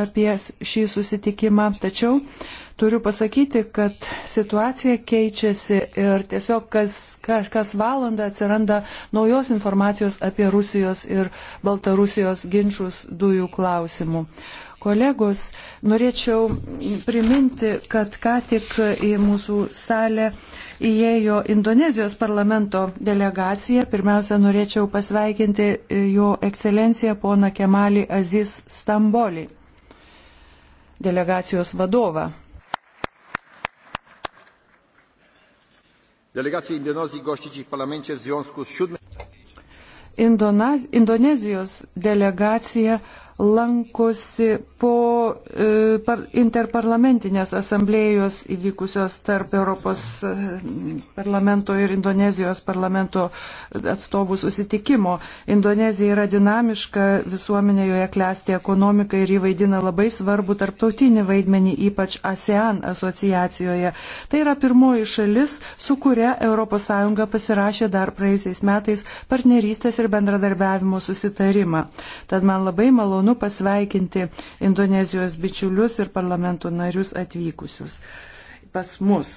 apie šį susitikimą, tačiau turiu pasakyti, kad situacija keičiasi ir tiesiog kas, kas, kas valandą atsiranda naujos informacijos apie Rusijos ir Baltarusijos ginčius dujų klausimų. Kolegos, norėčiau priminti, kad ką tik į mūsų salę įėjo Indonezijos parlamento delegacija. Pirmiausia, norėčiau pasveikinti jo ekscelenciją poną Kemalį Aziz Stambolį delegacijos vadovą. Delegacija Indonezijos gości dziś w parlamencie w związku z siódmym. Indonezijos delegacija lankosi po e, par, interparlamentinės asamblėjos įvykusios tarp Europos e, parlamento ir Indonezijos parlamento atstovų susitikimo. Indonezija yra dinamiška visuomenė, joje klesti ekonomika ir jį vaidina labai svarbu tarptautinį vaidmenį, ypač ASEAN asociacijoje. Tai yra pirmoji šalis, su kuria ES pasirašė dar praėjusiais metais partnerystės ir bendradarbiavimo susitarimą. Tad man labai malonu malonu pasveikinti Indonezijos bičiulius ir parlamento narius atvykusius pas mus.